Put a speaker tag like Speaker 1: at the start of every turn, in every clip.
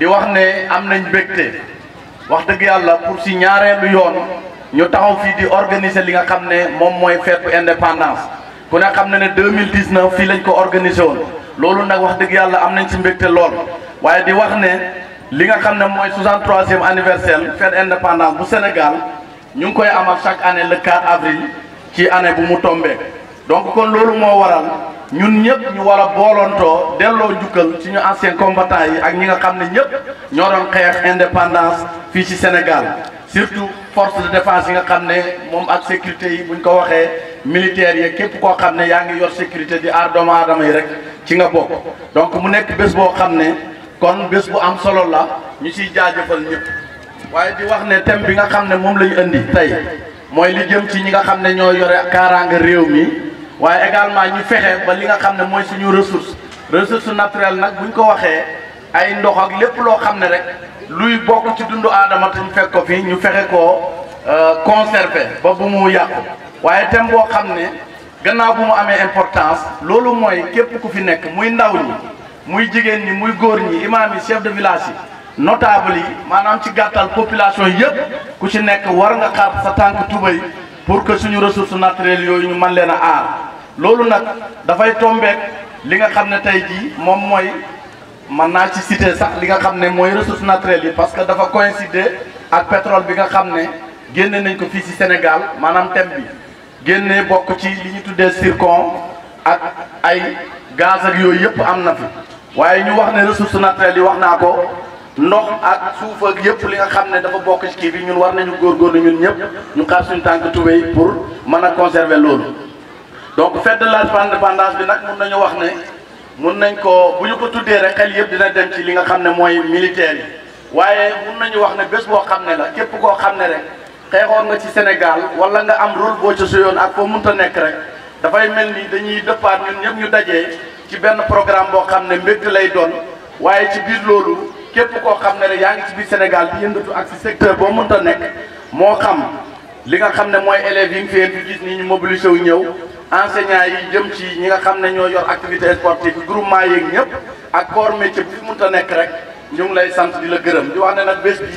Speaker 1: di wax ne am nañ mbégte wax dëgg yàlla pour si ñaareelu yoon ñu taxaw fii di organiser li nga xam ne moom mooy feetu indépendance ku ne xam na ne 2019 fii lañ ko organiser woon loolu nag wax dëgg yàlla am nañ si mbégte lool waaye di wax ne li nga xam ne mooy 63e anniversaire fête indépendance bu Sénégal ñu ngi koy amal chaque année le 4 avril ci année bu mu tombé. donc kon loolu moo waral ñun ñëpp ñu war a boolontoo delloo njukkal suñu ancien combattant yi ak ñi nga xam ne ñëpp ñoo doon xeex indépendance fii ci Sénégal surtout force de défense yi nga xam ne moom ak sécurité yi bu buñ ko waxee militaires yi képp koo xam ne yaa ngi yor sécurité di aar doomu yi rek ci nga bokk donc mu nekk bés boo xam ne kon bés bu am solo la ñu ciy jaajëfal ñëpp waaye di wax ne thème bi nga xam ne moom la ñu indi tey mooy li jëm ci ñi nga xam ne ñoo yore kaaraange réew mi waaye également ñu fexe ba li nga xam ne mooy suñu ressource ressource naturelle nag buñ ko waxee ay ndox ak lépp loo xam ne rek luy bokk ci dundu aadama te ñu fekk ko fi ñu fexe koo euh, conserver ba bu mu yàqu waaye thème boo xam ne gannaaw bu mu amee importance loolu mooy képp ku fi nekk muy ndaw ñi muy jigéen ñi muy góor ñi imaam yi chef de village yi notable yi maanaam ci gàttal population yëpp ku ci nekk war nga xar sa tànk tubay pour que suñu ressources naturelles yooyu ñu mën leen a aar loolu nag dafay tombeek li nga xam ne tey jii moom mooy mën naa ci citer sax li nga xam ne mooy ressources naturelles yi parce que dafa coïncider ak pétrole bi nga xam ne génne nañ ko fii ci Sénégal maanaam thème bi génne bokk ci li ñu tuddee zircon ak ay gaz ak yooyu yëpp am na fi waaye ñu wax ne ressources naturelles yi wax naa ko ndox ak suuf ak yëpp li nga xam ne dafa bokk ci kii bi ñun war nañu góorgóorlu ñun ñëpp ñu xaar suñu tànk tubéy pour mën a conserver loolu. donc fête de l'indépendance bi nag mun nañu wax ne mun nañ ko bu ñu ko tuddee rek xel yëpp dina dem ci li nga xam ne mooy militaire yi waaye mun nañu wax ne bés boo xam ne la képp koo xam ne rek xeexoon nga ci Sénégal wala nga am rôle boo ca yoon ak foo munta nekk rek dafay mel ni dañuy dëppaat ñun ñëpp ñu dajee ci benn programme boo xam ne mbégte lay doon waaye ci biir loolu képp koo xam ne rek yaa ngi ci biir Sénégal di yëngatu ak si secteur boo munta nekk moo xam li nga xam ne mooy élèves yi nga fi ñu mobilisé wu ñëw enseignants yi jëm ci ñi nga xam ne ñoo yor activité sportive groupement yeeg ñëpp ak corps métier bu fi mënut a nekk rek ñu lay sant di la gërëm di wax ne nag bés bi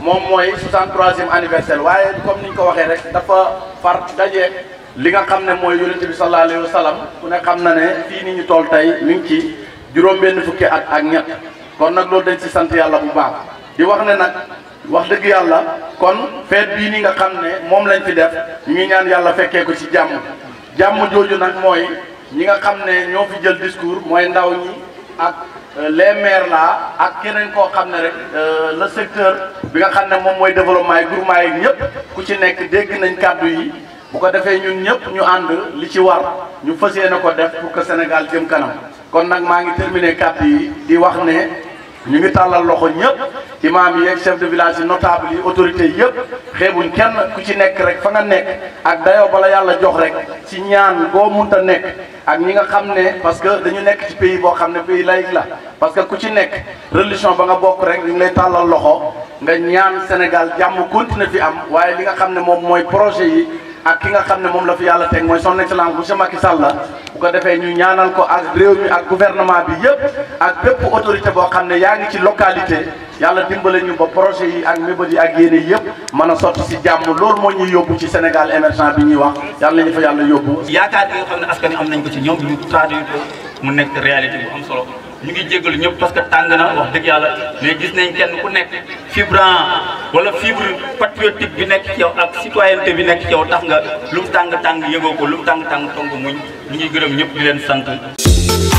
Speaker 1: moom mooy 63e anniversaire waaye comme ni ñu ko waxee rek dafa far daje li nga xam ne mooy yonent bi sallallahu alayhi ku ne xam na ne fii ni ñu toll tey mi ngi ci juróom-benn fukki at ak ñett kon nag loolu dañ si sant yàlla bu baax di wax ne nag wax dëgg yàlla kon feet bii ni nga xam ne moom lañ fi def ñu ngi ñaan yàlla fekkee ko jàmm. jàmm jooju nag mooy ñi nga xam ne ñoo fi jël discours mooy ndaw ñi ak euh, les maires là ak keneen koo xam ne rek euh, la secteur bi nga xam ne moom mooy développement yi groupement yi ñëpp ku ci nekk dégg nañ kàddu yi bu ko defee ñun ñëpp ñu ànd li ci war ñu fas yéene ko def pour que Sénégal jëm kanam kon nag maa ngi terminé kàddu yi di wax ne ñu ngi tàllal loxo ñëpp imaam yi ak chef de village yi notable yi autorité yëpp xeebuñ kenn ku ci nekk rek fa nga nekk ak dayoo bala yàlla jox rek ci ñaan boo munta nekk ak ñi nga xam ne parce que dañu nekk ci pays boo xam ne pays laïque la parce que ku ci nekk religion ba nga bokk rek ñu ngi lay tàllal loxo nga ñaan Sénégal jàmm continue fi am waaye li nga xam ne moom mooy projet yi ak ki nga xam ne moom la fi yàlla teg mooy son excellence monsieur Macky Sall bu ko defee ñu ñaanal ko ak réew mi ak gouvernement bi yëpp ak bépp autorité boo xam ne yaa ngi ci localité yàlla dimbale ñu ba projet yi ak mébét yi ak yéene yëpp mën a sotti si jàmm loolu moo ñuy yóbbu ci Sénégal émergent bi ñuy wax yàlla nañu fa yàlla yóbbu. yaakaar bi nga xam ne askan wi am nañ ko ci ñoom ñu traduire ko mu nekk réalité bu am solo ñu ngi jégalu ñëpp parce que tàng na wax dëgg yàlla mais gis nañ kenn ku nekk fibrant wala fibre patriotique bi nekk ci yow ak citoyenneté bi nekk ci yow tax nga lu mu tàng tàng yëgoo ko lu mu tàng tàng tong muñ ñu gërëm ñëpp di leen sant.